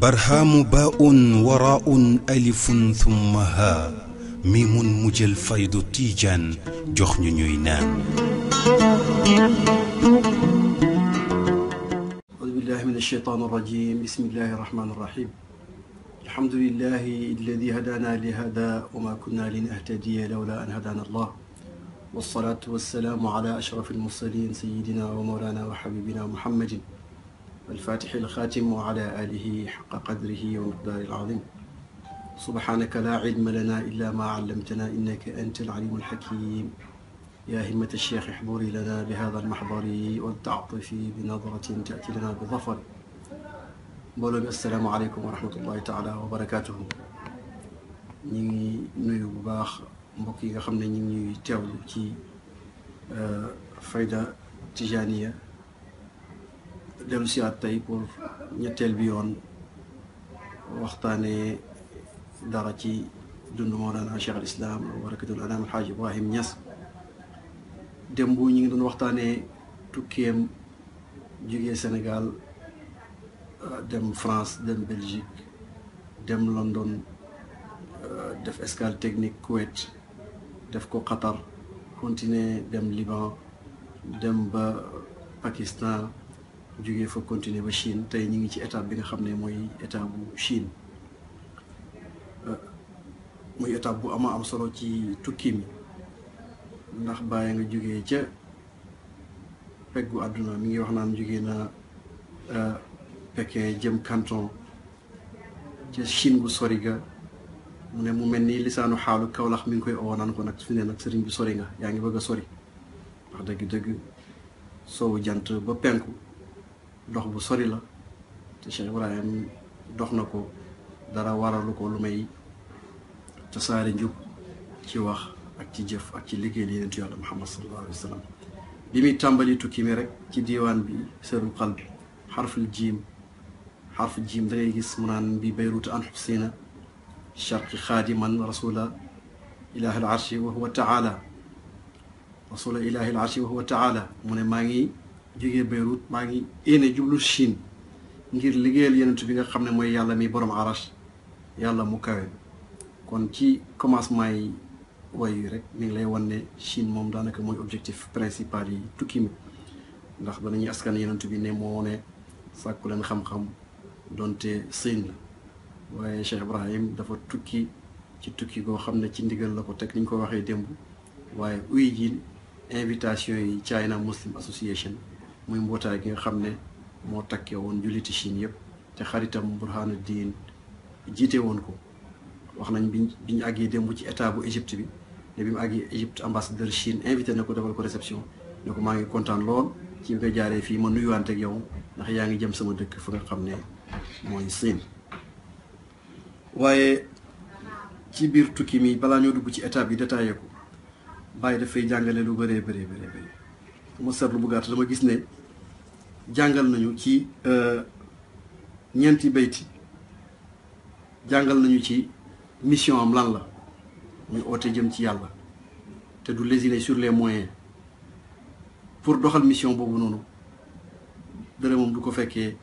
برهام باء وراء ألف ثم ها ميم مجل فيض تيجان جخن نينان أعوذ بالله من الشيطان الرجيم بسم الله الرحمن الرحيم الحمد لله الذي هدانا لهذا وما كنا لنهتدي لولا أن هدانا الله والصلاة والسلام على أشرف المرسلين سيدنا ومولانا وحبيبنا محمد الفاتح الخاتم وعلى آله حق قدره ومقدار العظيم سبحانك لا علم لنا إلا ما علمتنا إنك أنت العليم الحكيم يا همة الشيخ احضري لنا بهذا المحضر والتعطف بنظرة تأتي لنا بظفر بولو السلام عليكم ورحمة الله تعالى وبركاته نيو باخ mbokk yi nga xam ne ñu ngi ñuy teewlu ci euh, fayda tijaniya dellu siwaat tey pour ñetteel bi yoon waxtaanee dara ci dund Mawlana Cheikh al Islam barakatul anam Alxaaj Ibrahim Ñas démb ñu ngi doon waxtaanee tukkeem jógee Sénégal euh, dem France dem Belgique dem London euh, def escale technique Kuwait def ko Qatar continuer dem Liban dem ba Pakistan jóge fa continuer ba Chine tey ñu ngi ci état bi nga xam ne mooy état bu Chine euh, mooy état bu ama am solo ci tukki mi ndax bàyyi nga jógee ca peggu àdduna mi ngi wax naan jógee na euh, Pékin jëm Canton ca Chine bu sori ga mu ne mu mel ni lisaanu xaalu kawlax mi ngi koy oo ko nag fi ne nag sëriñ bi sori nga yaa ngi bëgga a sori wax dëgg dëgg soowu jant ba penku dox bu sori la te Cheikh Ibrahim dox na ko dara waralu ko lu may tasaare njub ci wax ak ci jëf ak ci liggéey li yonentu yàlla Muhammad sallallahu tukki mi rek ci diiwaan bi sërul xal bi xarful jiim xarful gis mu naan bi Bayruut an Xuseyna الشرق خادما رسول إله العرش وهو تعالى رسول إله العرش وهو تعالى mu ne maa ngi jógee Beyrouth maa ngi yéene jublu Chine ngir liggéeyal yonent bi nga xam ne mooy yàlla mi borom arash yàlla mu kawe kon ci commencement yi way yi rek mi ngi lay wan ne Chine moom daanaka mooy objectif principal yi tukki mi ndax ba nañuy askan yonent bi ne moo ne sàkku leen xam-xam donte seen la waaye Cheikh Ibrahim dafa tukki ci tukki koo xam ne ci ndigal la ko teg ni ñu ko waxee démb waaye uy ji invitation yi China Muslim Association muy mbootaay gi nga xam ne moo takkee woon julliti Chine yëpp te xaritam Burhanuddin jiite woon ko wax nañ bi bi ñu àggee démb ci état bu Égypte bi ne bi mu àggee Égypte ambassadeur Chine invité na ko defal ko réception ne ko maa ngi kontaan lool ci bi nga jaaree fii ma nuyuwante yow ndax yaa ngi jëm sama dëkk fa nga xam ne mooy Siin waaye ci biir tukki mi balaa ñoo dugg ci état bi détaillé ko bàyyi dafay jàngale lu bëree bëree bëree bëri ma seetlu bu gàtt dama gis ne jàngal nañu ci euh, ñeenti bayti jàngal nañu ci mission am lan la muy oote jëm ci yàlla te du lésiner sur les moyens pour doxal mission boobu noonu moom du ko fekkee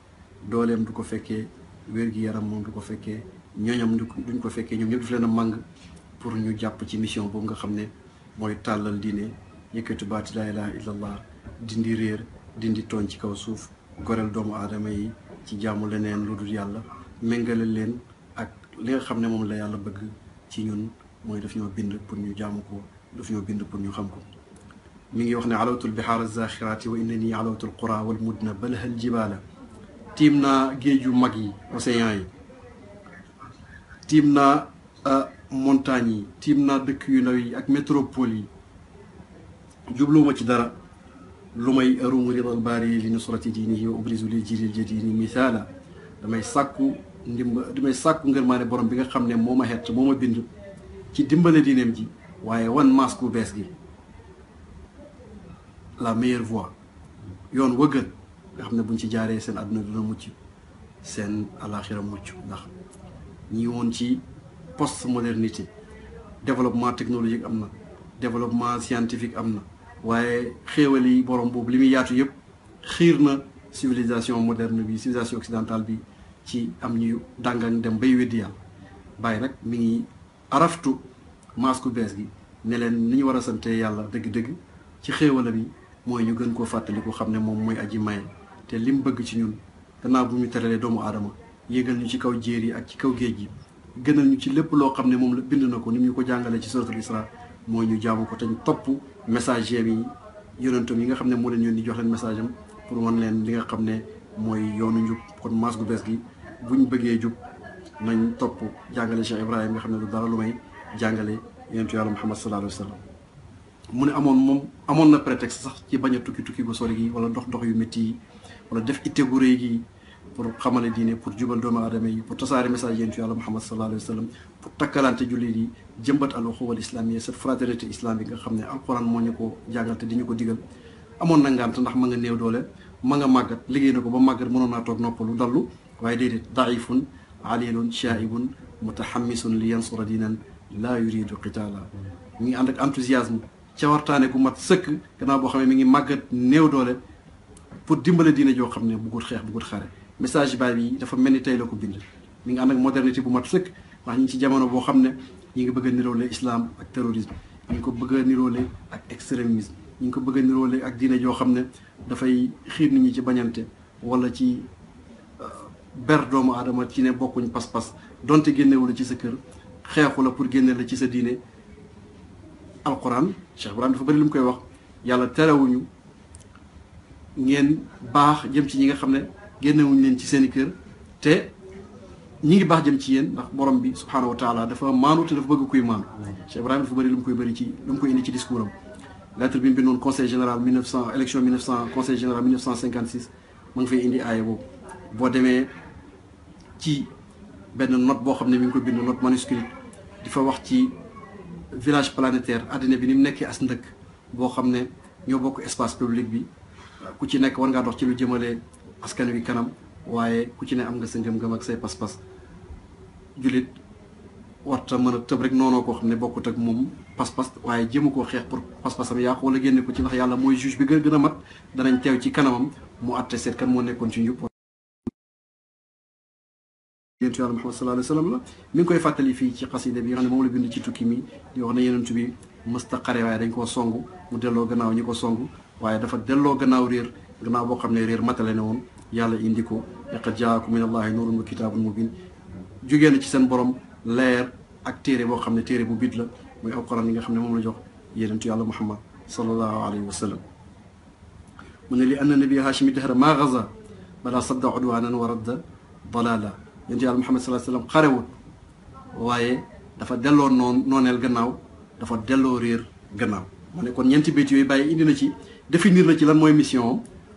dooleem du ko fekkee wér-gi-yaram moom du ko fekkee ñooñam duñ ko fekkee ñoom ñëpp daf leen màng pour ñu jàpp ci mission boobu nga xam ne mooy diine yëkkatu baati laa ilaha illallah dindi réer dindi tooñ ci kaw suuf goreel doomu aadama yi ci jaamu leneen lu yàlla méngale leen ak li nga xam ne la yàlla bëgg ci ñun mooy daf ñoo bind pour ñu jaamu ko daf ñoo bind pour ñu xam ko mi ngi wax ne alawtul bihaara zaxiraati wa inna alawtul qura wal mudna balhal jibaala tiim naa géeju mag océan yi tiim naa euh, montagne yi tiim naa dëkk yu ndaw yi ak métropole yi jubluwuma ci dara lu may arumu ridal baari li nusrati diinihi wa ubrizu li jiril jadini misaala damay sàkku ndimba damay sàkku ngërmaane borom bi nga xam ne moo ma xett moo ma bind ci dimbale diineem ji waaye wan maas bu bees gi la meilleure voie yoon wëggal nga xam ne buñ ci jaaree seen àdduna dina mucc seen alaxira mucc ndax ñi woon ci post modernité développement technologique am na développement scientifique am na waaye xéewal yi borom boobu li muy yaatu yëpp xiir na civilisation moderne bi civilisation occidentale bi ci am ñuy dàngang dem bay weddi yàlla bàyyi nag mi ngi araftu maas ku bees gi ne leen ni ñu war a sante yàlla dëgg-dëgg ci xéewala bi mooy ñu gën koo fàttaliku xam ne moom mooy aji maye te lim bëgg ci ñun danaa bu ñu teralee doomu aadama yéegal ñu ci kaw jéer yi ak ci kaw géej gi gënal ñu ci lépp loo xam ne moom la bind na ko ni ñu ko jàngalee ci suratul isra moo ñu jaamu ko te topp message yi yonentam yi nga xam ne moo leen yoon di jox leen pour wan leen li nga xam ne mooy yoonu njub kon maas gu bees gi bu ñu bëggee jub nañ topp jàngale Cheikh Ibrahima nga xam ne lu dara lu may jàngale yonentu yàlla Muhammad sallallahu alayhi wa sallam mu ne amoon moom amoon na prétexte sax ci bañ a tukki tukki gu sori gi wala dox dox yu métti yi wala def itte gu rëy gi pour xamale diine pour jubal doomu aadama yi pour tasaare message yentu yàlla muhammad sallallahu alayhi wa sallam pour takkalante jullit yi jëmbat al uxuwa al islamiyya cette fraternité islamique nga xam ne alquran moo ñu ko jàngal te diñu ko digal amoon na ngant ndax ma nga néew doole ma nga màggat liggéey na ko ba màggat mënoon naa toog noppalu dallu waaye déedéet daifun alilun shaibun mutahammisun li yansura dinan la yuridu qitala mi ngi ànd ak enthousiasme cawartaane gu mat sëkk gannaaw boo xam ne mi ngi màggat néew doole pour dimbale diine joo xam ne bugut xeex bugut xare message baay bi dafa mel ni tey la ko bind mi ngi ànd ak modernité bu mat sëkk wax ñu ci jamono boo xam ne ñu ngi bëgg a niroole islam ak terrorisme ñi ngi ko bëgg a niroole ak ñi ngi ko bëgg a niroole ak diine joo xam ne dafay xiir nit ñi ci bañante wala ci euh, ber doomu aadama ci ne bokkuñ pas-pas donte génnewu la ci sa kër xeexu la pour génne la ci sa diine alquran Cheikh Ibrahim dafa bëri lu mu koy wax yàlla terewuñu ngeen baax jëm ci ñi nga xam ne génnewuñ leen ci seen i kër te ñi ngi baax jëm ci yéen ndax borom bi subhaanahu wa taala dafa maanu te dafa bëgg kuy maanu Cheikh Ibrahima dafa bëri lu mu koy ci lu mu koy indi ci discours am lettre bi mu bindoon conseil général 1900 élection 1900 conseil général 1956 ma ngi fay indi aaya boobu boo demee ci benn note boo xam ne mi ngi ko bind note manuscrite di fa wax ci village planétaire àddina bi ni mu nekkee as ndëkk boo xam ne ñoo bokk espace public bi ku ci nekk war ngaa dox ci lu jëmale askan wi kanam waaye ku ci ne am nga sa ngëm-ngëm ak say pas-pas jullit warta mën tëb rek noonoo koo xam ne bokkut ak moom pas-pas waaye jéem koo xeex pour pas-pasam yàqu wala génne ko ci ndax yàlla mooy juge bi gën gën a mat danañ teew ci kanamam mu àtte seet kan moo nekkoon ci njub yonentu yàlla Muhammad la mi koy fàttali fii ci xasida bi nga xam ne la bind ci tukki mi di wax ne yonentu bi mësta xare waaye dañ koo songu mu delloo gannaaw ñi ko songu waaye dafa delloo gannaaw gannaaw boo xam ne réer matale ne woon yàlla indi ko laqad jaakum min allahi nuurun wa kitaabun mubin jógee na ci seen borom leer ak téere boo xam ne téere bu bit la mooy alquran yi nga xam ne moom la jox yénentu yàlla muhammad sallallahu alayhi wa sallam mu ne li anna nabiya hashimi dahra maa gaza bala sadda udwanan wa radda dalala yénentu yàlla muhammad sallallahu alayhi wa sallam xarewut waaye dafa delloo noon nooneel gannaaw dafa delloo réer gannaaw ma ne kon ñeenti béyt yooyu bàyyi indi na ci définir na ci lan mooy mission am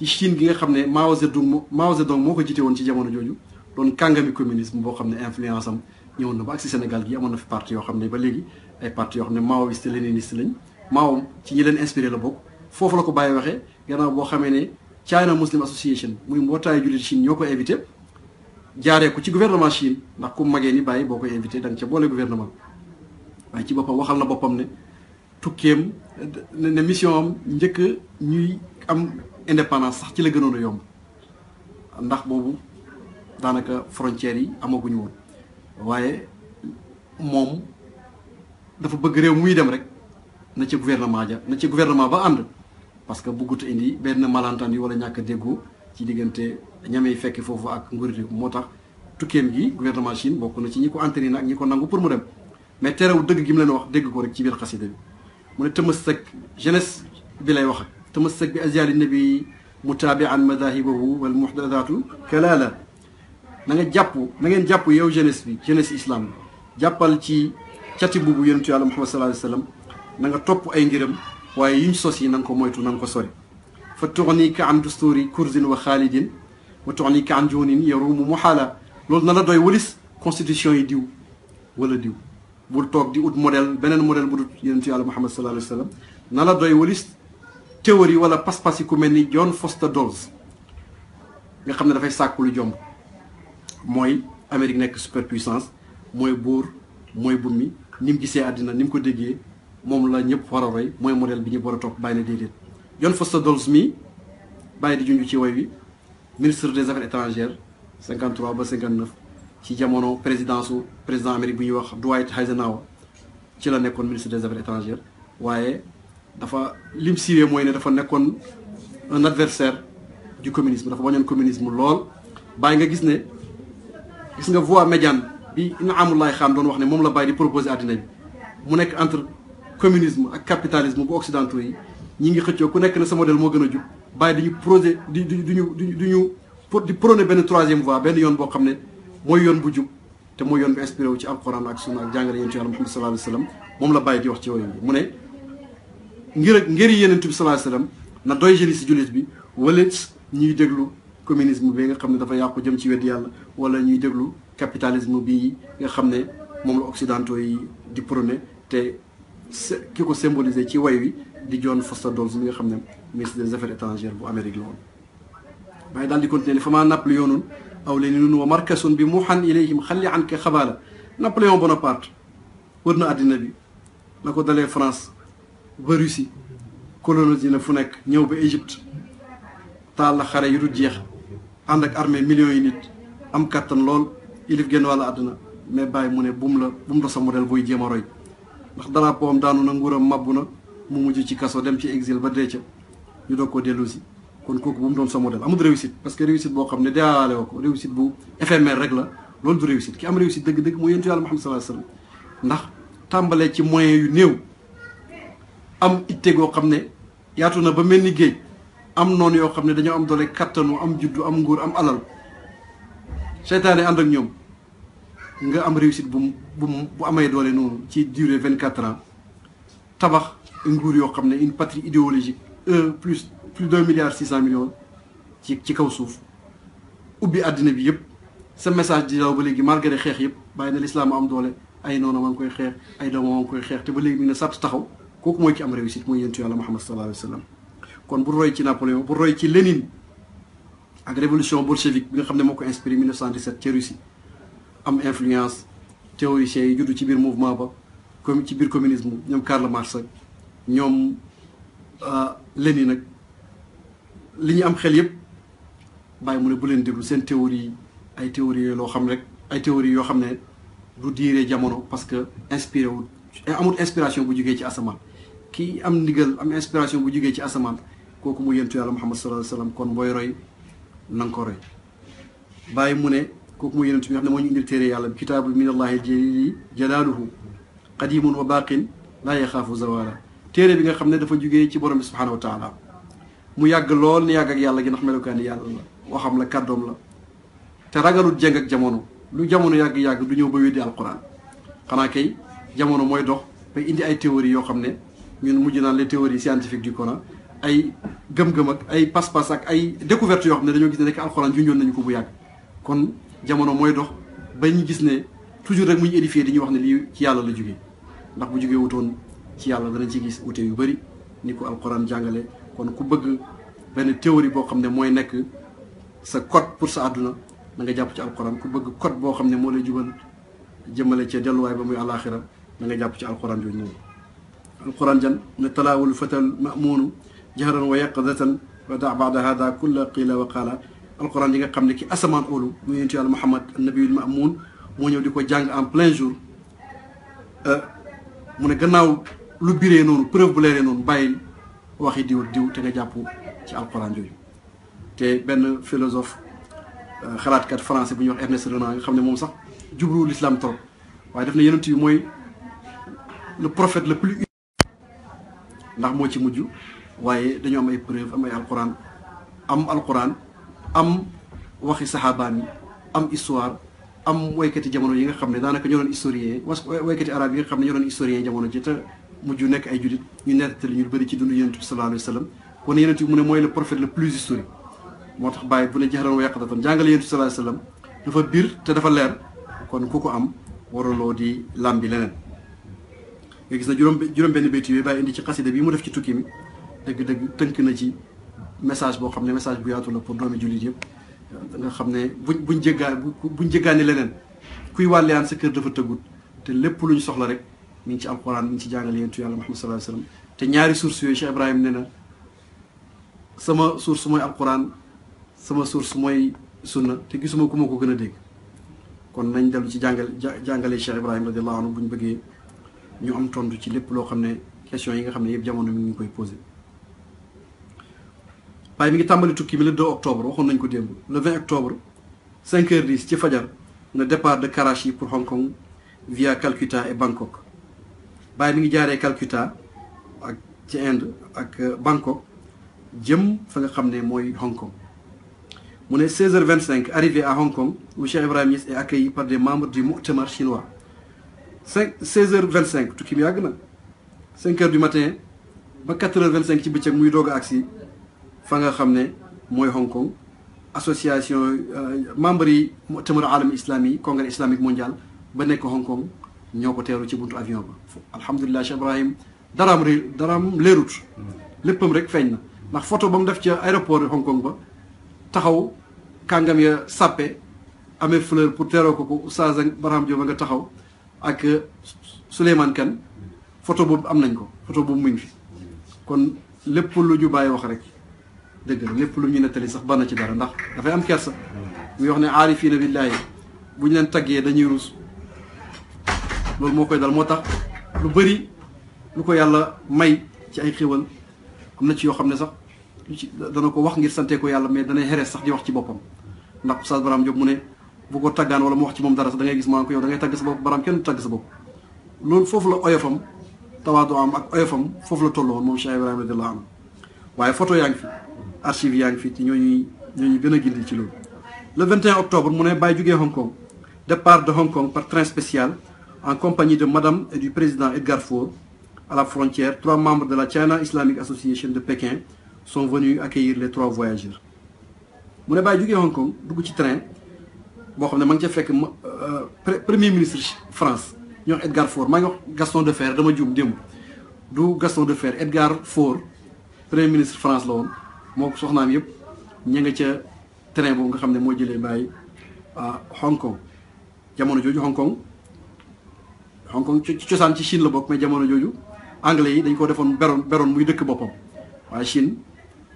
ci Chine gi nga xam ne Mao Zedong Mao Zedong moo ko jiite woon ci jamono jooju doon kàngami communisme boo xam ne influence am ñëwoon na ba ak si gi amoon fi parti yoo xam ne ba léegi ay parti yoo xam ne maoïste léniniste lañ Mao ci ñi leen inspiré la bokk foofu la ko bàyyi waxee gannaaw boo xamee ne China Muslim Association muy mbootaayu jullit Chine ñoo ko invité jaaree ko ci gouvernement Chine ndax ku magee ni bàyyi boo koy invité da nga ca boole gouvernement waaye ci boppam waxal na boppam ne tukkeem ne mission am njëkk ñuy am indépendance sax ci la gënoon a yomb ndax boobu daanaka frontières yi amaguñu woon waaye moom dafa bëgg réew muy dem rek na ci gouvernement ja na ci gouvernement ba ànd parce que bëggut a indi benn yi wala ñàkk déggoo ci diggante ñamey fekk foofu ak nguur yi moo tax tukkeem gi gouvernement Chine bokk na ci ñi ko entériné ak ñi ko nangu pour mu dem mais terewul dëgg gi mu leen wax dégg ko rek ci biir xasida bi mu ne tëmës rek jeunesse bi lay wax تمسك بأجيال النبي متابعا مذاهبه والمحدثات كلا لا نغا جابو نغا جابو يو جنس بي جنس اسلام جابال تي cati bubu yonentu yàlla muhammad sallallahu alayhi wa sallam na nga topp ay ngiram waaye yuñ sos yi na nga ko moytu na nga ko sori fa tuxni ka an dusturi kurzin wa xaalidin wa tuxni ka an jonin yarumu muxaala loolu na la doy walis constitution yi diw wala diw bul toog di ut modèle beneen modèle bu dut yonentu yàlla muhammad sallallahu alayhi wa sallam na la doy walis théorie wala pas passe yi comme mel ni John Foster Dulles nga xam ne dafay sàkku lu Moi, Américain, Amérique super superpuissance moi buur moi bu mi ni me adina, àddina ni ko déggee mon la ñëpp war a roy mooy modèle bi ñu war top, topp John Foster Dulles mii bàyyi di junj ci woy wi ministre des affaires étrangères 53 ba 59 ci jamono mon su président Amérique bu wax Dwight Eisenhower qui la comme ministre des affaires étrangères ouais. dafa lim siiwee mooy ne dafa nekkoon un adversaire du communisme dafa bañoon communisme lool bàyyi nga gis ne gis nga voie médiane bi Inaamulaay Xaan doon wax ne moom la bàyyi di proposer àddina bi mu nekk entre communisme ak capitalisme bu occidentaux yi ñi ngi xëccoo ku nekk ne sa modèle moo gën a jub bàyyi dañu projet di di duñu duñu di prôné benn troisième voie benn yoon boo xam ne mooy yoon bu jub te mooy yoon bu inspiré wu ci alquran ak sunna ak jàngale yéen moom la bàyyi di wax ci yooyu mu ne ngir ak ngir yenent bi sallallahu alayhi wasallam na doy jëli si jullit bi wala ñuy déglu communisme bi nga xam ne dafa yàqu jëm ci wedd yàlla wala ñuy déglu capitalisme bi nga xam ne moom la occidentaux yi di prôné te ki ko symboliser ci way wi di John Foster Dulles mi nga xam ne ministre des affaires étrangères bu Amérique la woon waaye daal di continuer ne fa maa Napoléonun aw Léninun wa markasun bi muxan ilayhim xalli an ka xabaala Napoléon Bonaparte wër na àddina bi la ko dalee France ba Russie colonisé na fu nekk ñëw ba Égypte taal la xare yi du jeex ànd ak armée millions yi nit am kattan lool ilif genn wàlla àdduna mais bàyyi mu ne bum la bum la sa modèle booy jéem a roy ndax drapeau am daanu na nguuram màbbu na mu mujj ci kaso dem ci exil ba dee ca ñu doog koo dellu si kon kooku bu mu doon sa modèle amul réussite parce que réussite boo xam ne deewaale woo ko réussite bu éphémère rek la loolu du réussite ki am réussite dëgg-dëgg mooy yonentu Yàlla Muhammad sallallahu alayhi ndax tàmbalee ci moyens yu néew am itte goo xam ne yaatu na ba mel ni géej am noonu yoo xam ne dañoo am doole kattanu am juddu am nguur am alal seytaane ànd ak ñoom nga am réussite bu bu bu amee doole noonu ci durée vingt quatre ans tabax nguur yoo xam ne une patrie idéologique un plus plus d'un milliard six cent millions ci ci kaw suuf ubbi àddina bi yëpp sa message di daw ba léegi malgré xeex yëpp bàyyi na lislaam am doole ay noonu ma ngi koy xeex ay doomam ma koy xeex te ba léegi mi ngi ne taxaw kooku mooy ki am réussite mooy yentu yàlla Muhammad sallallahu alayhi wa sallam kon bu roy ci Napoléon bu roy ci Lénine ak révolution bolchevique bi nga xam ne moo ko inspiré 1917 ca Russie am influence théoriciens yi juddu ci biir mouvement ba comme ci biir communisme ñoom Karl Marx ak ñoom euh, Lénine nag li ñu am xel yépp bàyyi mu ne bu leen déglu seen théorie ay théorie loo xam rek ay théorie yoo xam ne du diiree jamono parce que inspiré wu amul inspiration bu jógee ci asamaan ki am ndigal am inspiration bu jógee ci asamaan kooku mu yentu yàlla muhammad sallallahu alayhi wasallam kon booy roy na bàyyi mu ne kooku mu yenentu bi nga xam ne moo ñu indil téere yàlla bi kitaabu minallahi jli jalaaluhu qadimun wa baqin laa yaxaafu zawala téere bi nga xam ne dafa jógee ci borom bi subhanahu mu yàgg lool ni yàgg yàlla gi ndax melokaani yàlla la waxam la kàddoom la te ragalut jëng jamono lu jamono yàgg-yàgg du ñëw ba weddi alquran xanaa kay jamono mooy dox ba indi ay théorie yoo xam ne ñun mujj naan les théories scientifiques du Coran ay gëm-gëm ak ay pas-pas ak ay découverte yo xam dañu dañoo gis ne alcorane alxuraan junjoon nañu ko bu yàgg kon jamono moy dox ba ñu gis ne toujours rek mu édifier édifié wax ne li ci yalla la jógee ndax bu jógee wutoon ci yalla danañ ci gis outé yu bari ni ko alxuraan jàngale kon ku bëgg benn théorie bo xam moy mooy sa code pour sa aduna da nga japp ci alcorane ku bëgg code bo xam mo lay jubal jëmale ca delluwaay ba muy àllaaxira da nga japp ci alcorane jooju القرآن جل نتلاه الفتى المأمون جهرا ويقظة ودع بعد هذا كل قيل وقال القرآن جل قم لك أسمان أولو من على محمد النبي المأمون من يوديك جانج ان بلين جور أه من جناو لبيرينون بروف بلينون باين واخي ديو ديو تنجا جابو في القرآن جل تي بن فيلوزوف أه، خلات كات فرنسي بنيو إرنست رونان خمني موسى جبرو الإسلام تر وعندنا ينتمي موي le prophète le plus ndax moo ci mujj waaye dañoo am ay preuve am ay alquran am alquran am waxi saxaabaan yi am histoire am waykati jamono yi nga xam ne daanaka ñoo doon historien was waykati arab yi nga xam ne ñoo doon historien jamono ji te mujj nekk ay julit ñu nettali ñu bëri ci dund yonent bi sallallahu alayhi wa sallam kon yonent mu ne mooy le prophète le plus historique moo tax bàyyi bu ne jaxaroon wa yàqatatan jàngale yonent bi sallallahu alayhi wa sallam dafa biir te dafa leer kon ku ko am waraloo di làmbi leneen nga gis na juróom juróom benn béytu yi bàyyi indi ci xasida bi mu def ci tukki mi dëgg-dëgg tënk na ci message boo xam ne message bu yaatu la pour doomi jullit yëpp nga xam ne buñ buñ jéggaa buñ jéggaani leneen kuy wàlleyaan sa kër dafa tëggut te lépp lu ñu soxla rek mi ngi ci alquran mi ngi ci jàngale yentu yàlla Muhammad sallallahu alayhi wasallam te ñaari source yooyu Cheikh Ibrahim nee na sama source mooy alquran sama source mooy sunna te gisuma ku ma ko gën a dégg kon nañ dellu ci jàngale jàngale Cheikh Ibrahim radiyallahu anhu bu ñu bëggee ñu am tontu ci lépp loo xam ne question yi nga xam ne yëpp jamono mi ngi koy posé waaye mi ngi tàmbali tukki bi le 2 octobre waxoon nañ ko démb le 20 octobre 5 heures ci fajar na départ de Karachi pour Hong Kong via Calcutta et Bangkok Baye mi ngi jaaree Calcutta ak ci Inde ak euh, Bangkok jëm fa nga xam ne mooy Hong Kong mu ne 16h25 arrivé à Hong Kong où Ibrahim Niass est accueilli par de membre du Moutamar chinois cinq seize heures vingt cinq tukki bi yàgg na cinq heures du matin ba quatre heures cinq ci bëccëg muy doog a agsi fa nga xam ne mooy Hong Kong association euh, membre yi mu'tamar alami islami congrès islamique mondial ba nekk Hong Kong ñoo ko teeru ci buntu avion ba alhamdulilah Cheikh Ibrahim dara ré daraam leerut léppam rek feeñ na ndax photo ba mu def ci aéroport Hong Kong ba taxaw kàngam ya sàppe amee fleur pour teeroo ko ko Oustaz Barham Diop ba nga taxaw ak euh, Souleymane Kane photo boobu am nañ ko photo boobu mu ngi fi kon lépp lu ñu bàyyi wax rek dëgg la lépp lu ñu nettali sax bana ci dara ndax dafay am kersa muy wax ne aarifiina billaahi bu ñu leen taggee dañuy ruus loolu moo koy dal moo tax lu bëri lu ko yàlla may ci ay xéwal am na ci yoo xam ne sax dana ko wax ngir sante ko yàlla mais danay xerees sax di wax ci boppam ndax Oustaz Barham Diop mu ne bu ko taggaan wala le wax ci moom dara sax da ngay gis maanaam ko yow da ngay tagg sa bopp baraam kenn du tagg sa bopp loolu foofu la oyofam tawaadu am ak oyofam foofu la tolloon moom Cheikh Ibrahima radiyallahu anhu waaye photo yaa ngi fi archive yaa fi ci ñooñuy ñooñu ci le 21 octobre mu ne Baye jugee Hong Kong départ de Hong Kong par train spécial en compagnie de madame et du président Edgar Faure à la frontière trois membres de la China Islamic Association de Pékin sont venus accueillir les trois voyageurs mu ne Baye jugee Hong Kong dugg ci train boo xam ne ma ngi fekk euh, premier ministre France ñu Edgar Faure ma ngi wax Gaston fer dama joom dem du Gaston de Fer, Edgar Faure premier ministre France la woon moo soxnaam yëpp ña nga ca train boobu nga xamne mo jëlé bay a Hong Kong jamono joju Hong Kong Hong Kong ci cosaan ci Chine la bok mais jamono joju anglais yi dañ ko defon beron beron muy dëkk bopam wa Chine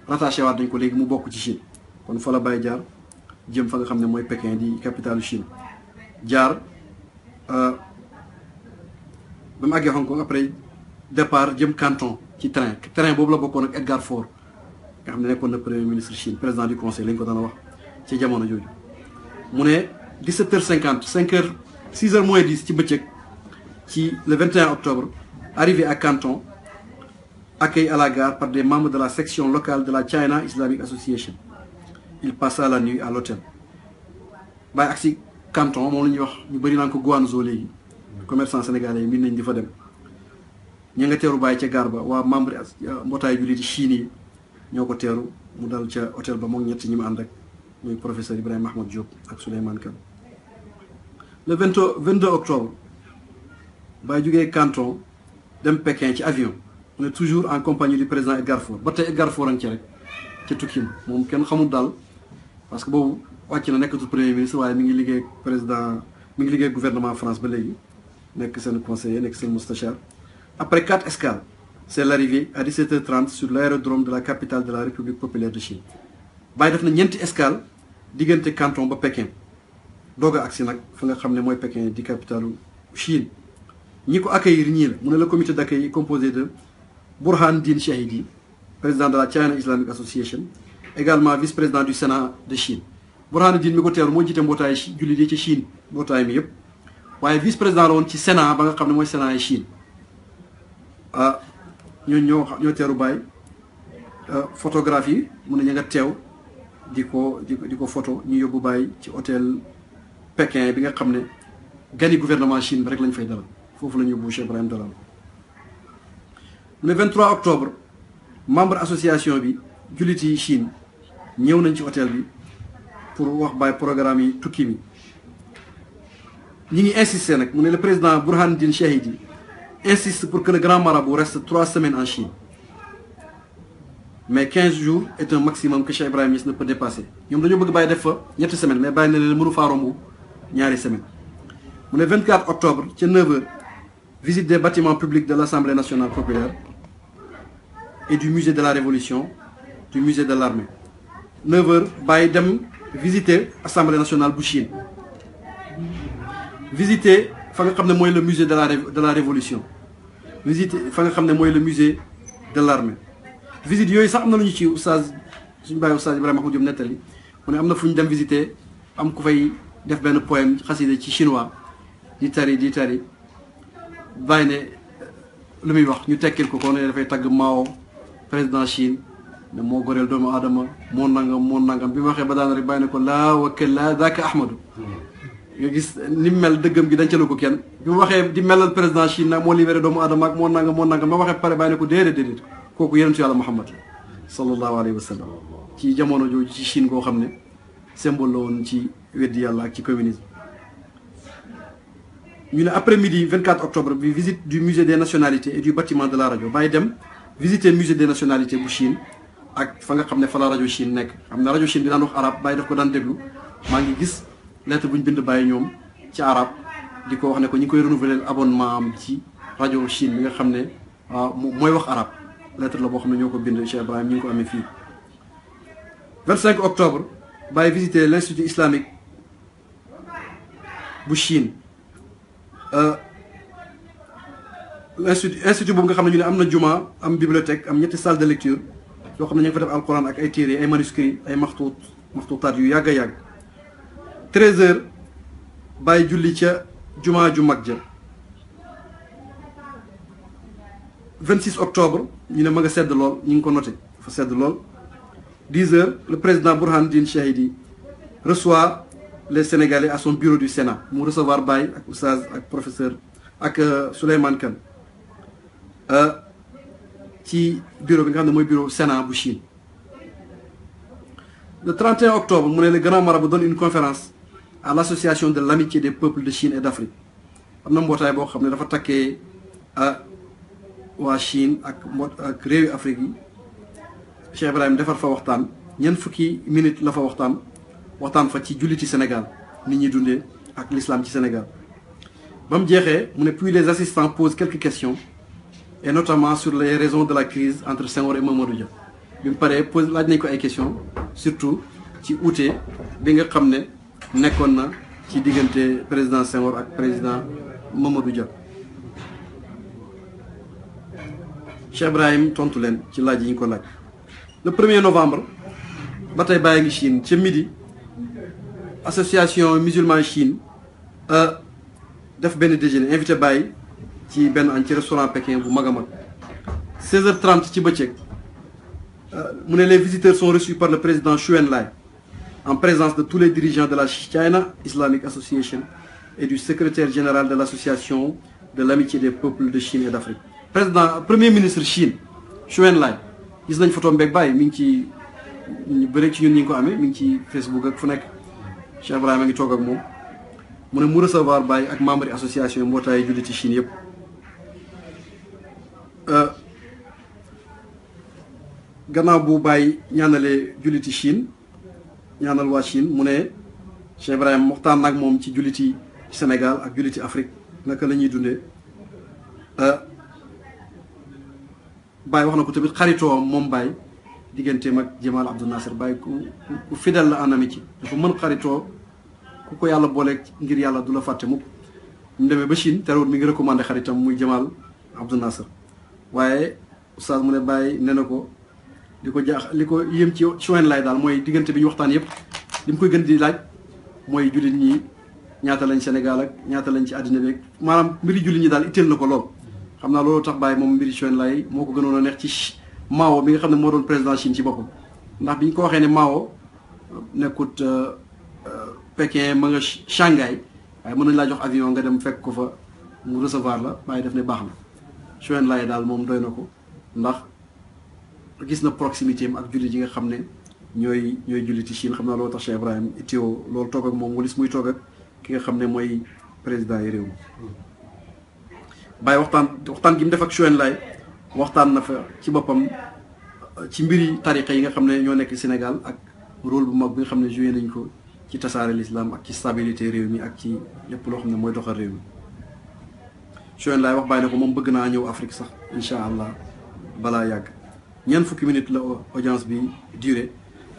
rattaché wat dañ ko légui mu bok ci Chine kon fa la bay jaar Je fa nga à ne Pékin di capitale Chine je euh, suis mu Hong Kong après départ jëm Canton ci train train est la avec Edgar Faure nga xam ne premier ministre Chine président du conseil lañ ko daan wax ci jamono 17h50 5h 6h moins 10 ci le 21 octobre arrivé à Canton accueilli à la gare par des membres de la section locale de la China Islamic Association il passa la nuit à l'hôtel bàyyi ak canton moom la wax ñu bari naan ko Guangzhou léegi commerçant sénégalais yi mbir nañ di fa dem ñinga nga teeru ci ca gaar ba waa membre mbootaay jullit yi ñoko yi mu dal ci hôtel ba moom ñett ñima mu ànd muy professeur Ibrahima Mahmoud Diop ak Souleyman Kane le 22 octobre Baye jógee Canton dem Pékin ci avion mu toujours en compagnie du président Edgar Faure ba tey Edgar Faure a ci rek ci tukim mom kenn xamul dal parce que boobu wàcc na nekkatul premier ministre waaye mi ngi liggéey président mi ngi liggéey gouvernement France ba léegi nekk seen conseiller nekk seen moustachar après quatre escales c' est l' arrivée à 17 h l' aérodrome de la capitale de la république populaire de Chine Baye def na ñeenti escale diggante Canton ba Pékin doog a agsi nag fa nga xam ne mooy Pékin di capitalu Chine ñi ko accueillir ñii la mu ne le comité d' accueil composé de Burhan Din Shahidi président de la China Islamic également vice-président du Sénat de Chine Burhanuddin mi ko teeru moo jiite mbootaay jullit yi ci Chine mbootaay mi yëpp waaye vice-président la woon ci Sénat ba nga xam ne mooy Sénat yi Chine ah ñoo ñoo ñoo teeru bàyyi ah, photographe yi mun nañu nga teew di ko di ko di ko photo ñu yóbbu bàyyi ci hôtel Pékin bi nga xam ne gani gouvernement Chine bi rek lañu fay dalal foofu la ñu yóbbu Cheikh Ibrahim dalal mu ne 23 octobre membre association bi jullit yi Chine ñëw nañ ci hôtel bi pour wax Bay programme yi tukki mi ñi ngi insister nag mu ne le président Burhanuddin Chahidi insiste pour que le grand marabout reste trois semaines en Chine mais 15 jours est un maximum que Cheikh Ibrahim ne peut dépasser ñoom dañoo bëgg bàyyi def fa ñetti semaines mais bàyyi na leen mënu faa a ñaari semaines Le 24 octobre ca 9h visite des bâtiments publics de l'Assemblée nationale populaire et du musée de la Révolution du musée de l'armée 9 heures visiter l'Assemblée nationale de Chine visiter fa le musée de la de la révolution visiter fa le musée de l'armée visite sax amna luñu ci oustaz suñu oustaz visiter am ku poème ci chinois di tari di tari bayne lu muy wax ñu tekkil ko ko ne fay tag président Chine نمو غريل دوم ادم مون نانغام مون نانغام بيما خي بدان ري باينه كو لا وكل لا ذاك احمد يجيس نيمل دغم بي دانتي لوكو كين بيما خي دي ملال بريزيدان شي نا مو ليفري دوم ادم اك مون نانغام مون نانغام ما واخي بار باينه كو ديدي ديدي كوكو يرنتو يالله محمد صلى الله عليه وسلم تي جامونو جو شي شين كو خامني سيمبول لون تي ويد يالله كي كومونيزم Une après-midi 24 octobre, visite du musée des nationalités et du bâtiment de la radio. Baïdem, visitez le musée des nationalités de Chine. ak fa nga xam ne fa la rajo Chine nekk xam ne rajo Chine di daan wax arab bàyyi daf ko daan déglu maa ngi gis lettre bu ñu bind bàyyi ñoom ci arab di ko wax ne ko ñu ngi koy renouveler abonnement am ci rajo Chine bi nga xam ne ah, mooy wax arab lettre la boo xam ne ñoo ko bind Cheikh Ibrahim ñu ngi ko amee fii. 25 octobre bàyyi visité l'institut islamique bu Chine euh, l'institut institut boobu nga xam ne ñu ne am na juma am bibliothèque am ñetti salle de lecture. yoo xam ne ñu ngi fa def alquran ak ay téere ay manuscrits ay maxtuut maxtuutaat yu yàgg a yàgg 13h bàyyi julli ca jumaa ju mag ja 26 octobre ñu ne ma nga sedd lool ñu ngi ko noté dafa sedd lool 10h le président Bourhandine Chahidi reçoit les Sénégalais à son bureau du Sénat mu recevoir Baye ak oustaz ak professeur ak euh, Souleymane Kane euh, ci bureau bi nga xam ne bureau Sénat bu Chine le 31 octobre mu ne le grand marabout donne une conférence à l'association de l'amitié des peuples de Chine et d'Afrique am na mbootaay boo xam ne dafa takkee à waa Chine ak mbo ak réewi Afrique yi Cheikh Ibrahim defar fa waxtaan ñeent fukki minute la fa waxtaan waxtaan fa ci julliti Sénégal nit ñi dundee ak l'islam ci Sénégal ba mu jeexee mu ne puis les assistants posent quelques questions et notamment sur les raisons de la crise entre Senghor et Mamadou Dia bi me pose la question surtout si vous bi nga xam ne nekkoon na ci président Senghor ak président Mamadou Dia Cheikh Ibrahim tontu qui ci dit le 1er novembre bataille bay Chine c'est midi association musulmane Chine euh, fait un déjeuner invité Baye ci est añ ci restaurant pékin bu magama 16h30 ci euh les visiteurs sont reçus par le président Chuen En-lai en présence de tous les dirigeants de la China Islamic Association et du secrétaire général de l'association de l'amitié des peuples de Chine et d'Afrique. président premier ministre Chine Chuen En-lai gis nañ photo il bay mi ngi ci ñu bëri ci ñun ñi ngi ko amé mi ngi ci Facebook ak fu nek Cheikh Ibrahima a ngi tok ak moom mu ne mu recevoir bay ak membre association yi julli ci Chine yëpp. Euh, gannaaw bu bàyyi ñaanalee julliti Chine ñaanal waa Chine mu ne Cheikh Ibrahima waxtaan nag moom ci julliti Sénégal ak julliti Afrique naka la ñuy dundee euh, Baye wax na ko tamit xaritoom moom Baye digganteem ak Jamal Abdou Nasser Baye ku ku fidèle la anami ci dafa mën xaritoo ku ko yàlla booleeg ngir yàlla du la fàtte mukk mu demee ba Chine terewul mi ngi recommandé xaritam muy Jamal Abdou Nasser waaye oustaz mu ne bàyyi ne na ko li ko jaax li ko yëm ci soen laay daal mooy diggante bi ñu waxtaan yëpp li mu koy gën di laaj mooy jullit ñi ñaata lañ Sénégal ak ñaata lañ ci àddina bi maanaam mbiri jullit ñi daal itteel na ko lool xam naa loolu tax bàyyi moom mbiri soen laay moo ko gënoon a neex ci Mao bi nga xam ne moo doon président Chine ci boppam ndax bi ñu ko waxee ne Mao nekkut euh, euh, Pékin ma nga Shanghai waaye mën nañ laa jox avion nga dem fekk ko fa mu recevoir la bàyyi def ne baax na Chouaib Laye daal moom doy na ko ndax gis na proximité ak jullit yi nga xam ne ñooy ñooy julliti Chine xam na loo tax Cheikh Ibrahim Thio loolu toog ak moom walis muy toog ak ki nga xam ne mooy président yi réew mi. Baye waxtaan waxtaan gi mu def ak Chouaib Laye waxtaan na fa ci boppam ci mbiri tariqa yi nga xam ne ñoo nekk Sénégal ak rôle bu mag bi nga xam ne joué nañ ko ci tasaare l'islam ak ci stabilité réew mi ak ci lépp loo xam ne mooy doxal réew mi. Choyne laay wax bàyyi ne ko moom bëgg naa ñëw Afrique sax incha allah balaa yàgg ñeent fukki minutes la audience bi duré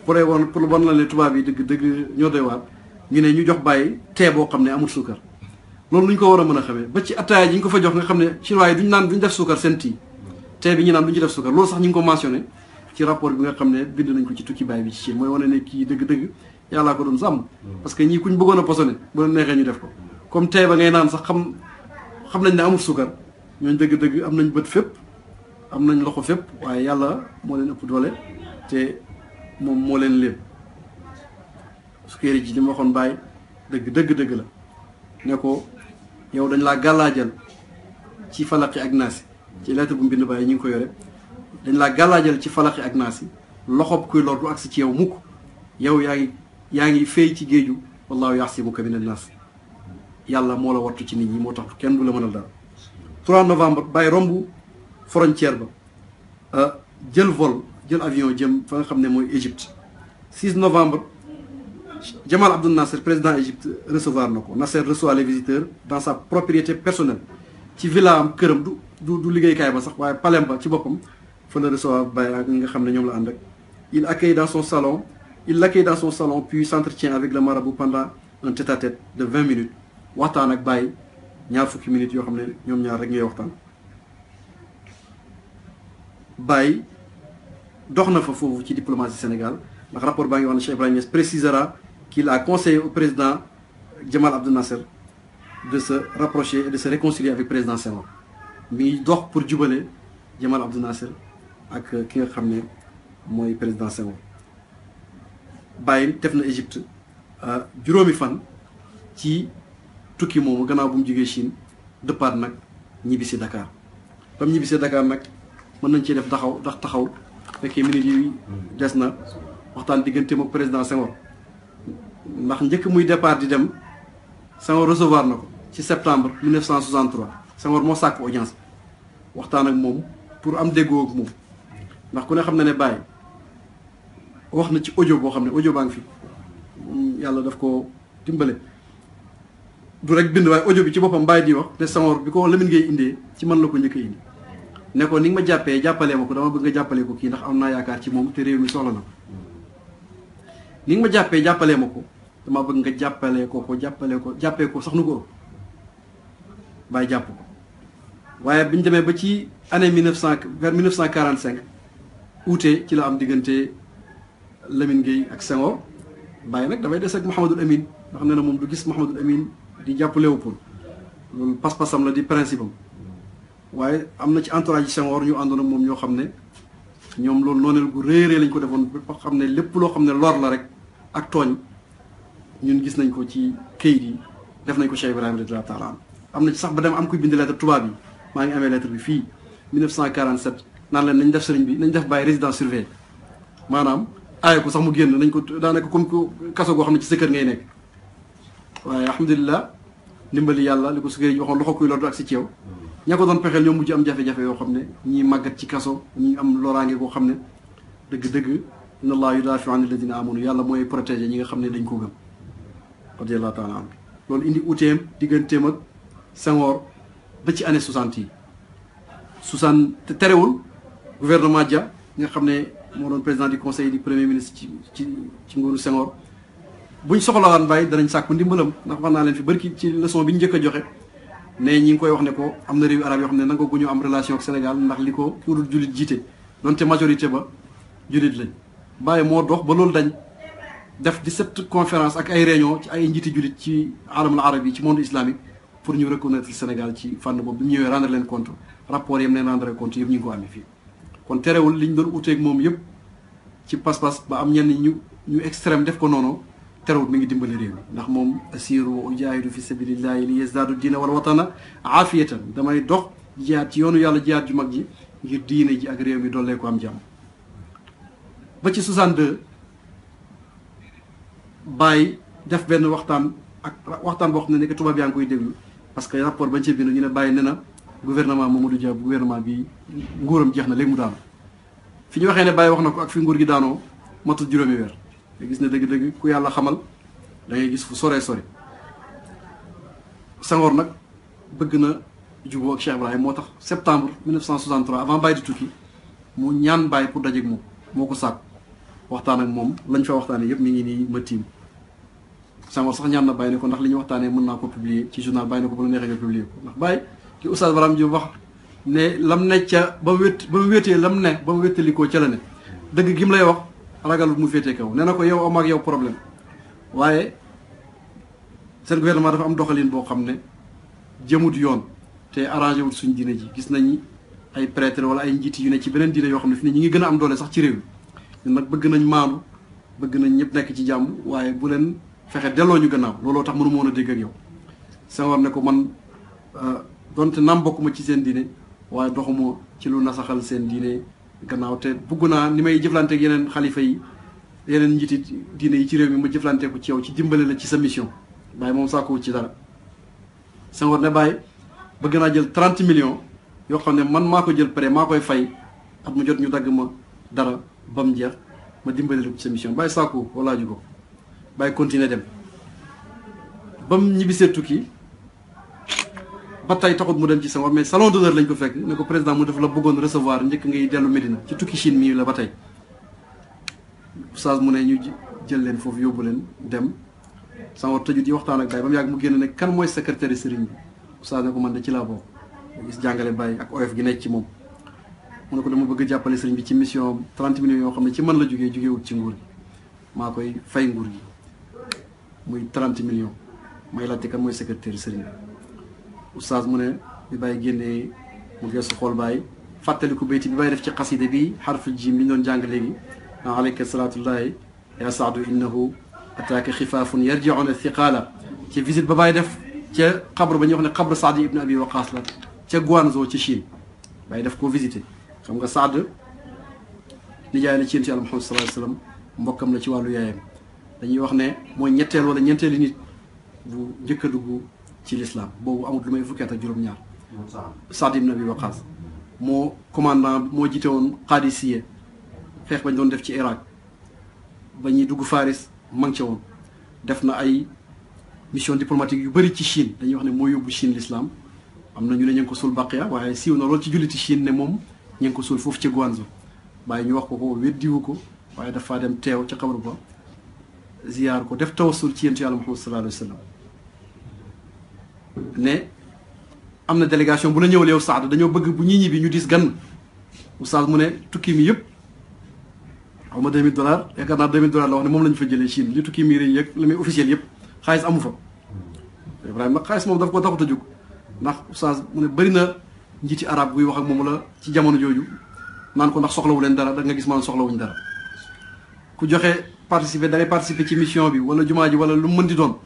pour woon pour wan la ne tubaab yi dëgg dëgg ñoo doy waat ñu ne ñu jox bàyyi tee boo xam ne amul suukar loolu lu ñu ko war a mën a xamee ba ci attaaya ji ñu ko fa jox nga xam ne chinois yi duñu naan def suukar seen tii tee bi ñu naan duñu def suukar loolu sax ñu ngi ko mentionné ci rapport bi nga xam ne bind nañ ko ci tukki bàyyi bi ci Chine mooy mm. a posone bu la neexee ñu def ko comme tee ba ngay naan xam nañ ne amul suukar ñooñ dëgg-dëgg am nañ bët fépp am nañ loxo fépp waaye yàlla moo leen ëpp doole te moom moo leen lépp sukkeeri ji li ma waxoon bàyyi dëgg dëgg-dëgg la ne ko yow dañ laa gàllaajal ci falaqi ak naasi ci lettre bu mu bind ñu ngi ko yore dañ laa gàllaajal ci falaqi ak naasi loxob kuy lor du agsi ci yow mukk yow yaa ngi yaa ngi fay ci géeju si yaxsimuka min an naas yalla mo la wattu ci nit ñi mo tax kenn du la mënal dara 3 novembre bay rombu frontière ba euh, jël vol jël avion jëm fa nga xam ne mooy Égypte 6 novembre Jamal Abdel Nasser président Égypte recevoir na ko Nasser reçoit les visiteurs dans sa propriété personnelle ci villa am këram du du du liggéeykaay ba sax waaye palem ba ci boppam fa la recevoir bay ak nga xam ne ñoom la ànd ak il accueille dans son salon il l'accueille dans son salon puis s'entretient avec le marabout pendant un tête-à-tête de 20 minutes waxtaan ak bàyyi ñaar fukki yoo xam ne ñoom ñaar rek ngay waxtaan bàyyi dox fa foofu ci diplomatie Sénégal ndax rapport baa ngi Cheikh Ibrahima précisera qu'il a conseillé au président Jamal Abdel Nasser de se rapprocher et de se réconcilier avec président Senghor mi dox pour jubale Jamal Abdel Nasser ak ki nga xam président Senghor bàyyi def na Égypte euh, fan ci tukki moomu gannaaw bu mu jógee Chine dëppaat nag ñibbi si Dakar ba mu ñibbisee dakaar nag mën nañ cee def taxaw ndax taxaw fekkee minute yi des na waxtaan diggante ak président Senghor ndax njëkk muy départ di dem Senghor recevoir na ko ci septembre 1963 Senghor moo sàkk audience waxtaan ak moom pour am déggoo ak moom ndax ku ne xam na ne Baye wax na ci ojo boo xam ne ojo baa ngi fi yàlla daf ko dimbale. du rek bind waaye audio bi ci boppam bàyyi di wax te Senghor bi ko wax Lamine Gueye indee ci man la ko njëkk a indi ne ko ni ma jàppee jàppalee ma ko dama bëgg nga jàppalee ko kii ndax am naa yaakaar ci moom te réew mi soxla ko jàppee jàppalee ma ko dama bëgg nga jàppalee ko ko jàppalee ko jàppee ko sax nu ko bàyyi jàpp ko waaye bi ñu demee ba ci année mille neuf cent vers mille neuf ci la am diggante Lamine Gueye ak Senghor bàyyi nag dafay des ak Mouhamadul Amine ndax xam ne moom du gis Mouhamadul amin di jàpp Léopold loolu pas-pasam la di principe am waaye am na ci entourage Senghor ñu àndoon ak moom ñoo xam ne ñoom loolu nooneel gu réeree lañ ko defoon ba xam ne lépp loo xam ne lor la rek ak tooñ ñun gis nañ ko ci këyit yi def nañ ko Cheikh Ibrahima radiyallahu taala am na ci sax ba dem am kuy bind lettre tubaab yi maa ngi amee lettre bi fii 1947 naan leen nañ def sëriñ bi nañ def bàyyi résidence surveillée maanaam aaye ko sax mu génn nañ ko daanaka comme ne ci sa kër ngay nekk. waaye alhamdulilah ndimbali yàlla li ko su gëriñ waxoon loxo kuy lordu ak si ceew ña ko doon pexeel ñoo mujj am jafe-jafe yoo xam ne ñii màggat ci kaso ñii am loraange koo xam ne dëgg-dëgg inna allaha yudaafi an alladina amanu yàlla mooy protéger ñi nga xam ne dañ koo gëm radiallahu taala an loolu indi uteem digganteem ak Senghor ba ci année soixante yi soixante te terewul gouvernement Dia nga xam ne moo doon président du conseil du premier ministre ci ci ci nguuru Senghor buñ soxlawaan bàyyi danañ sàkku ndimbalam ndax wax naa leen fi bërki ci leçon bi ñu njëkk a joxe ne ñi ngi koy wax ne ko am na réew arab yoo xam ne nangu gu ñu am relation ak Sénégal ndax li ko kuurul jullit jiite donte majorité ba jullit lañ bàyyi moo dox ba loolu dañ def 17 conférence ak ay réunion ci ay njiiti jullit ci alamul arab yi ci monde islamique pour ñu reconnaître Sénégal ci fànn boobu bi mu ñëwee rendre leen compte rapport yam leen rendre compte yëpp ñu ngi ko amee fii kon terewul liñ doon uteeg moom yëpp ci pas-pas ba am ñenn ñu ñu extrême def ko noonu terewul mi ngi dimbali réew mi ndax moom asiru wa ujaahidu fi sabilillahi li yazdaadu diina wal watana aafiyatan damay dox jiyaat ci yoonu yàlla jiyaat ju mag ji ngir diine ji ak réew mi doollee ko ba ci 62 bàyyi def benn waxtaan ak waxtaan boo xam ne nekk tubaab yaa ngi koy déglu parce que rapport bañ ci bind ñu ne bàyyi ne na gouvernement Mamadou Dia gouvernement bi nguuram jeex na léegi mu daanu fi ñu waxee ne bàyyi wax na ko ak fi nguur gi daanoo matul juróomi weer nga gis ne dëgg-dëgg ku yàlla xamal dangay gis fu sore sore Senghor nag bëgg na juboo ak Cheikh Ibrahim moo tax septembre 1963 avant Baye di tukki mu ñaan Baye pour dajeeg moom moo ko sàkk waxtaan ak moom lañ fa waxtaanee yëpp mi ngi nii ma tiim Senghor sax ñaan na Baye ne ko ndax li ñu waxtaanee mën naa ko publier ci journal Baye ne ko bu la neexee nga publier ko ndax Baye ki Oustaz Baram Diop wax ne lam ne ca ba wét ba mu wéetee lam ne ba mu wéttalikoo ca ne dëgg gi mu lay wax ragalul mu féete kaw nee na ko yow am ak yow problème waaye seen gouvernement dafa am doxalin boo xam ne jëmut yoon te arrangé wul suñ diine ji gis nañu ay prêtre wala ay njiiti yu ne ci beneen diine yoo xam ne fi ne ñi ngi gën a am doole sax ci réew mi nag bëgg nañ maandu bëgg nañ ñëpp nekk ci jàmm waaye bu leen fexe delloo ñu gannaaw looloo tax mënu ma woon a dégg ak yow sa war ne ko man euh, donte naam bokkuma ci seen diine waaye doxuma ci lu nasaxal seen diine gannaaw te bugg naa ni may jëflanteek yeneen xalifa yi yeneen njitit diine yi ci réew mi ma jëflanteeku ci yow ci dimbale la ci sa mission Baye moom sàkkuwut ci dara Senghor ne Baye bëgg naa jël trent million yoo xam ne man maa ko jël pare maa koy fay at mu jot ñu dagg ma dara ba mu jeex ma dimbale la ci sa mission Baye sàkku walaaju ko Baye continuer dem ba mu ñibbisee tukki ba tey taxut mu dem ci sama mais salon d'honneur lañ ko fekk ne ko président mu def la bëggoon recevoir njëkk ngay dellu Médina ci tukki Chine mii la ba tey oustaz mu ne ñu jël leen foofu yóbbu leen dem sama war tëju di waxtaan ak Baye ba mu yàgg mu génn ne kan mooy secrétaire sëriñ bi oustaz ne ko man de ci laa bokk gis jàngale Baye ak oyof gi nekk ci moom mu ne ko dama bëgg jàppale sëriñ bi ci mission 30 millions yoo xam ne ci man la jógee jógee wut ci nguur maa koy fay nguur gi muy 30 millions may laajte mooy secrétaire sëriñ استاذ منى بباي غيني مو جاسو خول باي فاتلكو بيتي بباي داف سي قصيده بي حرف الجيم لي نون جانغ ليغي عليك الصلاه الله يا سعد انه اتاك خفاف يرجعون الثقال تي فيزيت بباي داف تي قبر بني وخني قبر سعد ابن ابي وقاص لا تي غوانزو تي شين باي داف كو فيزيتي خمغا سعد لي جاي نتي محمد صلى الله عليه وسلم مبكم لا تي والو يايم دا ني وخني نيتيل ولا نيتيل نيت بو جيكدوغو ci lislaam boobu amul lu may fukki at ak juróom-ñaar Saad ibn Abi Waqaas moo commandant moo jiite woon Qaadisiye xeex bañ doon def ci Irak ba ñuy dugg Faris mang ca woon def na ay mission diplomatique yu bari ci Chine dañuy wax ne moo yóbbu Chine l'islam am na ñu ne ñu ngi ko suul Baqiya waaye siiw na lool ci julliti Chine ne moom ñu ngi ko suul foofu ci Guangzhou bàyyi ñu wax ko ko weddiwu ko waaye dafa dem teew ci xabar ba ziyaar ko def tawasul ci yéntu yàlla Muhammad ne am na délégation bu la ñëwal yow Saadu dañoo bëgg bu ñuy ñibbi ñu diis gan oustaz mu ne tukki mi yëpp xaw ma 2000 dollars yaakaar naa 2000 dollars la wax ne moom la ñu fa jëlee Chine li tukki mi rek li muy officiel yëpp xaalis amu fa. Ibrahima xaalis moom daf ko taxut a jóg ndax oustaz mu ne bëri na njiiti arab buy wax ak moom la ci jamono jooju naan ko ndax soxlawu leen dara da nga gis maanaam soxlawuñ dara ku joxe participer da ngay ci mission bi wala jumaa ji wala lu mu mën di doon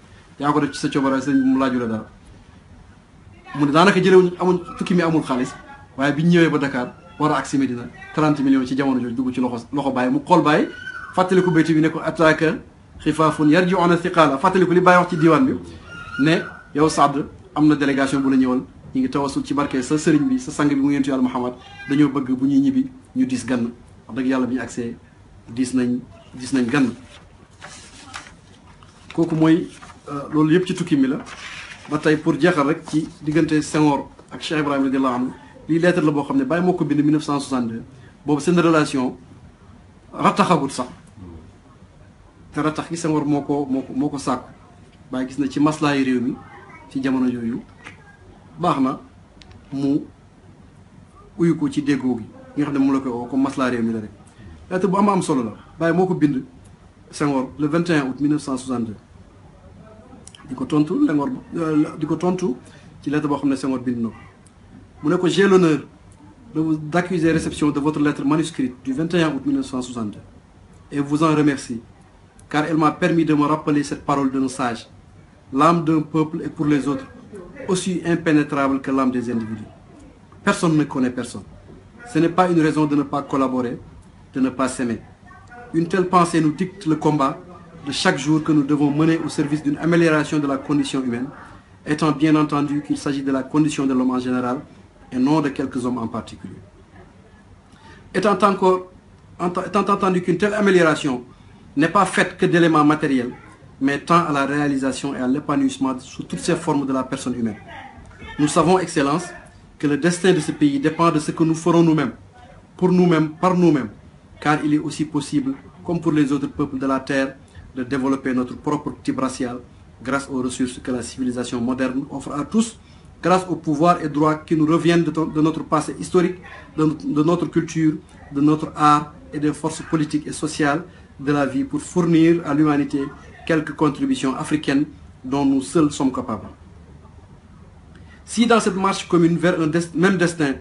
yaa ko def sa coobara sëñ mu laaju la dara. mu ne daanaka jëlewuñ amuñ tukki mi amul xaalis waaye biñ ñëwee ba Dakar war a agsi Medina 30 millions ci jamono jooju dugg ci loxo loxo bàyyi mu xool bàyyi fàttaliku béyti bi ne ko attaaka xifaafun yarji'una thiqaala fàttaliku li bàyyi wax ci diwaan bi ne yow Saad am na délégation bu la ñëwal ñu ngi tawasul ci barke sa sëriñ bi sa sang bi mu yentu yàlla Muhammad dañoo bëgg bu ñuy ñibbi ñu diis gann wax dëgg yàlla bi ñu agsee diis nañ diis nañ gann kooku mooy euh, loolu yëpp ci tukki mi la ba tey pour jeexal rek ci diggante sengoor ak Cheikh Ibrahima radiyallahu am lii lettre la boo xam ne bàyyi moo ko bind 1962 boobu seen relation rataxagut sax te ratax gi Senghor moo ko moo ko moo ko sàkku bàyyi gis na ci maslaayu réew mi ci jamono yooyu baax na mu uyu ko ci déggoo gi nga xam ne mu la koy woo ko maslaa réew mi la rek lettre bu am am solo la bàyyi moo ko bind Senghor le 21 août 1962 du tontu tontu j'ai l'honneur d'accuser réception de votre lettre manuscrite du 21 août 1962 et vous en remercie car elle m'a permis de me rappeler cette parole de nos sages l'âme d'un peuple est pour les autres aussi impénétrable que l'âme des individus personne ne connaît personne ce n'est pas une raison de ne pas collaborer de ne pas s'aimer une telle pensée nous dicte le combat de chaque jour que nous devons mener au service d'une amélioration de la condition humaine, étant bien entendu qu'il s'agit de la condition de l'homme en général et non de quelques hommes en particulier. Étant, entendu qu'une telle amélioration n'est pas faite que d'éléments matériels, mais tend à la réalisation et à l'épanouissement sous toutes ses formes de la personne humaine. Nous savons, Excellence, que le destin de ce pays dépend de ce que nous ferons nous-mêmes, pour nous-mêmes, par nous-mêmes, car il est aussi possible, comme pour les autres peuples de la Terre, de développer notre propre type racial grâce aux ressources que la civilisation moderne offre à tous, grâce aux pouvoirs et droits qui nous reviennent de, notre passé historique, de, notre culture, de notre art et des forces politiques et sociales de la vie pour fournir à l'humanité quelques contributions africaines dont nous seuls sommes capables. Si dans cette marche commune vers un même destin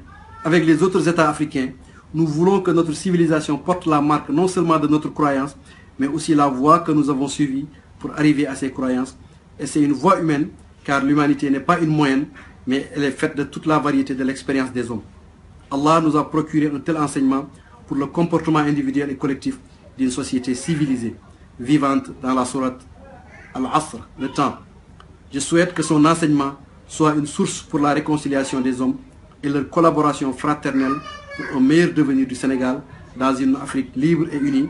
avec les autres États africains, nous voulons que notre civilisation porte la marque non seulement de notre croyance, mais aussi la voie que nous avons suivie pour arriver à ces croyances. Et c'est une voie humaine, car l'humanité n'est pas une moyenne, mais elle est faite de toute la variété de l'expérience des hommes. Allah nous a procuré un tel enseignement pour le comportement individuel et collectif d'une société civilisée, vivante dans la sourate Al-Asr, le temps. Je souhaite que son enseignement soit une source pour la réconciliation des hommes et leur collaboration fraternelle pour un meilleur devenir du Sénégal dans une Afrique libre et unie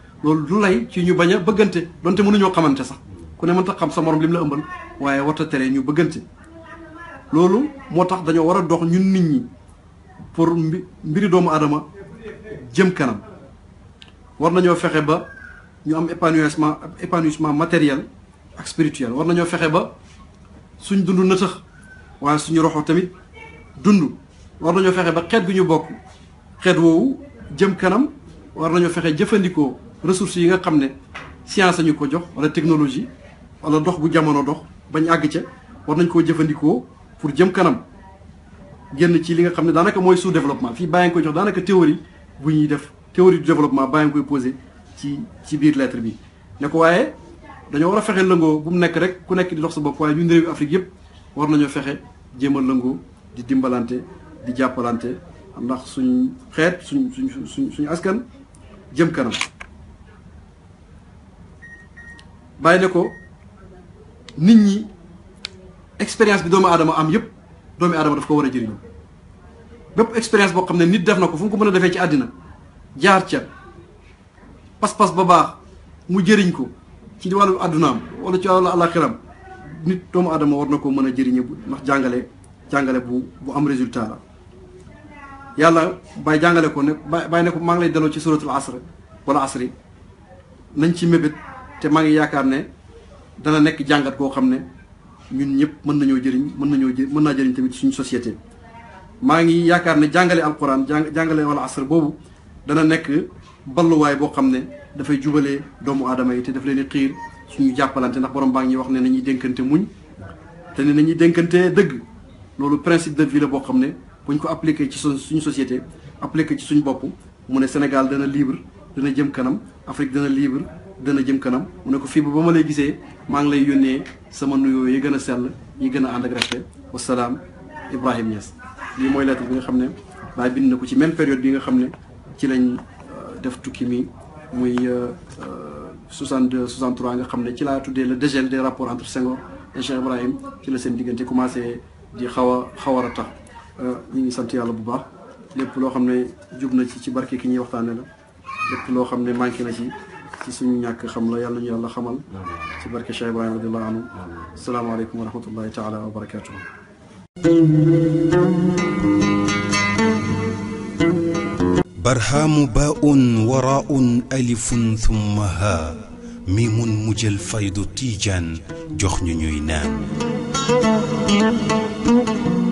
loolu du lay ci ñu bañ a bëggante donte mënuñoo xamante sax ku ne mënta xam sa morom lim la ëmbal waaye warta tere ñu bëggante loolu moo tax dañoo war a dox ñun nit ñi pour mbiri doomu aadama jëm kanam war nañoo fexe ba ñu am épanouissement épanouissement matériel ak war nañoo fexe ba suñ dund nëtëx waaye suñu roxo tamit dund war nañoo fexe ba xeet gu ñu bokk xeet woowu jëm kanam war nañoo fexe jëfandikoo ressources yi nga xam ne science ñu ko jox wala technologie walla dox bu jamono dox bañ àgg ca war nañ koo jëfandikoo pour jëm kanam génn ci li nga xam ne daanaka mooy sous développement fii bàyyi nga koy jox daanaka théorie bu ñuy def théorie du développement bàyyi nga koy posé ci ci biir lettre bi. ne ko waaye dañoo war a fexe lëngoo bu mu nekk rek ku nekk di dox sa bopp waaye ñun réewi Afrique yëpp war nañoo fexe jéemal a lëngoo di dimbalante di jàppalante ndax suñ xeet suñ suñ suñ suñu askan jëm kanam. bàyyi ne ko nit ñi expérience bi doomu adama am yëpp doomu aadama daf ko war a jëriñoo bépp expérience boo xam ne nit def na ko fu mu ko mën a defee ci àddina jaar ca pas-pas ba baax mu jëriñ ko ci wàllu àddunaam wala ci wàllu àllaaxiram nit doomu aadama war na ko mën a jëriñe bu ndax jàngale jàngale bu bu am résultat la yàlla bay jàngale ko ne bay bay ne ko maa lay delloo ci suratul asr wala asri nañ ci mébét te maa ngi yaakaar ne dana nekk jàngat boo xam ne ñun ñëpp mën nañoo jëriñ mën nañoo jë mën naa jëriñ tamit suñu societé maa ngi yaakaar ne jàngale alquran jàng jàngale wala asar boobu dana nekk balluwaay boo xam ne dafay jubale doomu aadama yi te daf leen di xiir suñu jàppalante ndax borom baa ngi wax ne nañuy dénkante muñ te ne nañuy dénkante dëgg loolu principe de vie boo xam ne buñ ko appliqué ci suñu société appliqué ci suñu bopp mu ne Sénégal dana libre dana jëm kanam Afrique dana libre. dana jëm kanam mu ne ko fii ba ma lay gisee maa ngi lay yónnee sama nuyoo yee gën a sell yi gën a ànd ak respect wasalaam Ibrahim Niass lii mooy lettre bi nga xam ne Baay bind na ko ci même période bi nga xam ne ci lañ euh, def tukki mi muy 62 euh, 63 euh, nga xam ne ci laa tuddee le dégel des rapports entre Senghor et Cheikh Ibrahim ci la seen diggante commencé di xaw a xaw a tax ñu ngi sant yàlla bu baax lépp loo xam ne jub na ci ci barke ki ñuy waxtaane la lépp loo xam ne manqué na ci ci suñu ñàkk xam la yàlla ñu yàlla xamal ci barke Cheikh Ibrahima radiallahu anhu asalaamaaleykum wa rahmatullahi taala wa barakatuhu برهام باء وراء ألف ثم ها ميم مجل فيض تيجان جخن نام